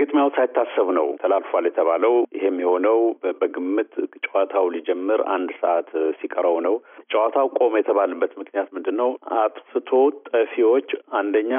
ግጥሚያው ሳይታሰብ ነው ተላልፏል የተባለው። ይሄም የሆነው በግምት ጨዋታው ሊጀምር አንድ ሰዓት ሲቀረው ነው። ጨዋታው ቆመ የተባለበት ምክንያት ምንድን ነው? አጥፍቶ ጠፊዎች አንደኛ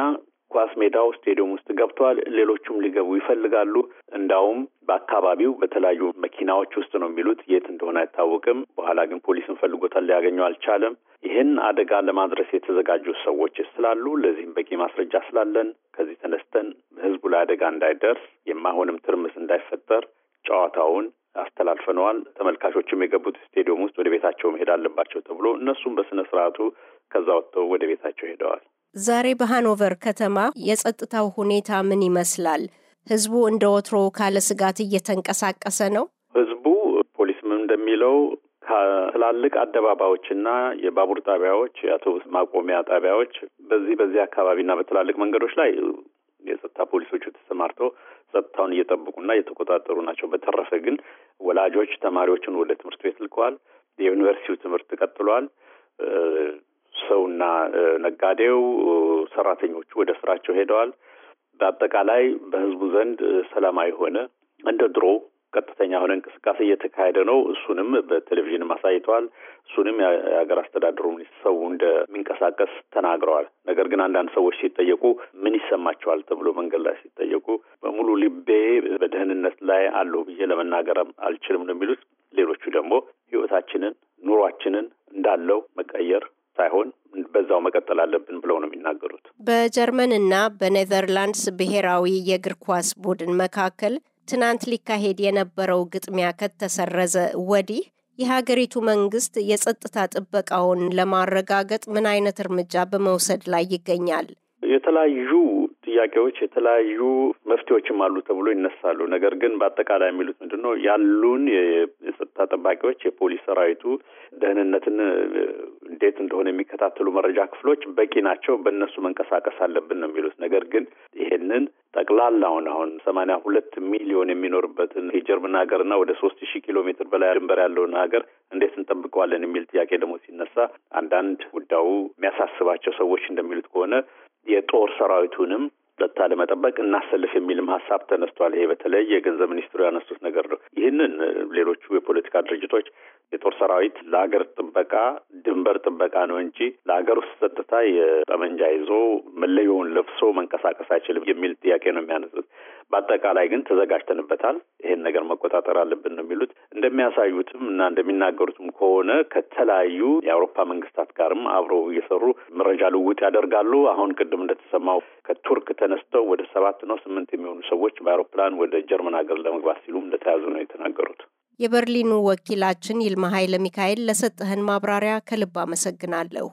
ኳስ ሜዳው ስቴዲየም ውስጥ ገብተዋል። ሌሎቹም ሊገቡ ይፈልጋሉ። እንዳውም በአካባቢው በተለያዩ መኪናዎች ውስጥ ነው የሚሉት፣ የት እንደሆነ አይታወቅም። በኋላ ግን ፖሊስን ፈልጎታል፣ ሊያገኘው አልቻለም። ይህን አደጋ ለማድረስ የተዘጋጁ ሰዎች ስላሉ፣ ለዚህም በቂ ማስረጃ ስላለን ከዚህ ተነስተን ህዝቡ ላይ አደጋ እንዳይደርስ የማይሆንም ትርምስ እንዳይፈጠር ጨዋታውን አስተላልፈነዋል። ተመልካቾችም የገቡት ስቴዲየም ውስጥ ወደ ቤታቸው መሄድ አለባቸው ተብሎ እነሱም በስነ ስርዓቱ ከዛ ወጥተው ወደ ቤታቸው ሄደዋል። ዛሬ በሃኖቨር ከተማ የጸጥታው ሁኔታ ምን ይመስላል? ህዝቡ እንደ ወትሮ ካለ ስጋት እየተንቀሳቀሰ ነው። ህዝቡ ፖሊስም እንደሚለው ከትላልቅ አደባባዮችና የባቡር ጣቢያዎች፣ የአውቶቡስ ማቆሚያ ጣቢያዎች በዚህ በዚህ አካባቢና በትላልቅ መንገዶች ላይ የጸጥታ ፖሊሶቹ ተሰማርተው ጸጥታውን እየጠበቁና እየተቆጣጠሩ ናቸው። በተረፈ ግን ወላጆች ተማሪዎችን ወደ ትምህርት ቤት ልከዋል። የዩኒቨርሲቲው ትምህርት ቀጥሏል። ሰውና ነጋዴው፣ ሰራተኞቹ ወደ ስራቸው ሄደዋል። በአጠቃላይ በህዝቡ ዘንድ ሰላማዊ የሆነ እንደ ድሮ። የሆነ እንቅስቃሴ እየተካሄደ ነው። እሱንም በቴሌቪዥንም አሳይተዋል። እሱንም የሀገር አስተዳደሩ ሰው እንደሚንቀሳቀስ ተናግረዋል። ነገር ግን አንዳንድ ሰዎች ሲጠየቁ ምን ይሰማቸዋል ተብሎ መንገድ ላይ ሲጠየቁ በሙሉ ልቤ በደህንነት ላይ አለሁ ብዬ ለመናገር አልችልም ነው የሚሉት። ሌሎቹ ደግሞ ህይወታችንን ኑሯችንን እንዳለው መቀየር ሳይሆን በዛው መቀጠል አለብን ብለው ነው የሚናገሩት። በጀርመንና በኔዘርላንድስ ብሔራዊ የእግር ኳስ ቡድን መካከል ትናንት ሊካሄድ የነበረው ግጥሚያ ከተሰረዘ ወዲህ የሀገሪቱ መንግስት የጸጥታ ጥበቃውን ለማረጋገጥ ምን አይነት እርምጃ በመውሰድ ላይ ይገኛል? የተለያዩ ጥያቄዎች የተለያዩ መፍትሄዎችም አሉ ተብሎ ይነሳሉ። ነገር ግን በአጠቃላይ የሚሉት ምንድን ነው? ያሉን የጸጥታ ጠባቂዎች፣ የፖሊስ ሰራዊቱ ደህንነትን እንዴት እንደሆነ የሚከታተሉ መረጃ ክፍሎች በቂ ናቸው፣ በእነሱ መንቀሳቀስ አለብን ነው የሚሉት። ነገር ግን ይሄንን ጠቅላላውን አሁን ሰማንያ ሁለት ሚሊዮን የሚኖርበትን የጀርመን ሀገርና ወደ ሶስት ሺህ ኪሎ ሜትር በላይ ድንበር ያለውን ሀገር እንዴት እንጠብቀዋለን የሚል ጥያቄ ደግሞ ሲነሳ አንዳንድ ጉዳዩ የሚያሳስባቸው ሰዎች እንደሚሉት ከሆነ የጦር ሰራዊቱንም ጸጥታ ለመጠበቅ እናሰልፍ የሚልም ሀሳብ ተነስቷል። ይሄ በተለይ የገንዘብ ሚኒስትሩ ያነሱት ነገር ነው። ይህንን ሌሎቹ የፖለቲካ ድርጅቶች የጦር ሰራዊት ለሀገር ጥበቃ፣ ድንበር ጥበቃ ነው እንጂ ለሀገር ውስጥ ጸጥታ የጠመንጃ ይዞ መለዮውን ለብሶ መንቀሳቀስ አይችልም የሚል ጥያቄ ነው የሚያነሱት። በአጠቃላይ ግን ተዘጋጅተንበታል። ይሄን ነገር መቆጣጠር አለብን ነው የሚሉት። እንደሚያሳዩትም እና እንደሚናገሩትም ከሆነ ከተለያዩ የአውሮፓ መንግስታት ጋርም አብረው እየሰሩ መረጃ ልውውጥ ያደርጋሉ። አሁን ቅድም እንደተሰማው ከቱርክ ተነስተው ወደ ሰባት ነው ስምንት የሚሆኑ ሰዎች በአውሮፕላን ወደ ጀርመን ሀገር ለመግባት ሲሉ እንደተያዙ ነው የተናገሩት። የበርሊኑ ወኪላችን ይልማ ኃይለ ሚካኤል ለሰጠህን ማብራሪያ ከልብ አመሰግናለሁ።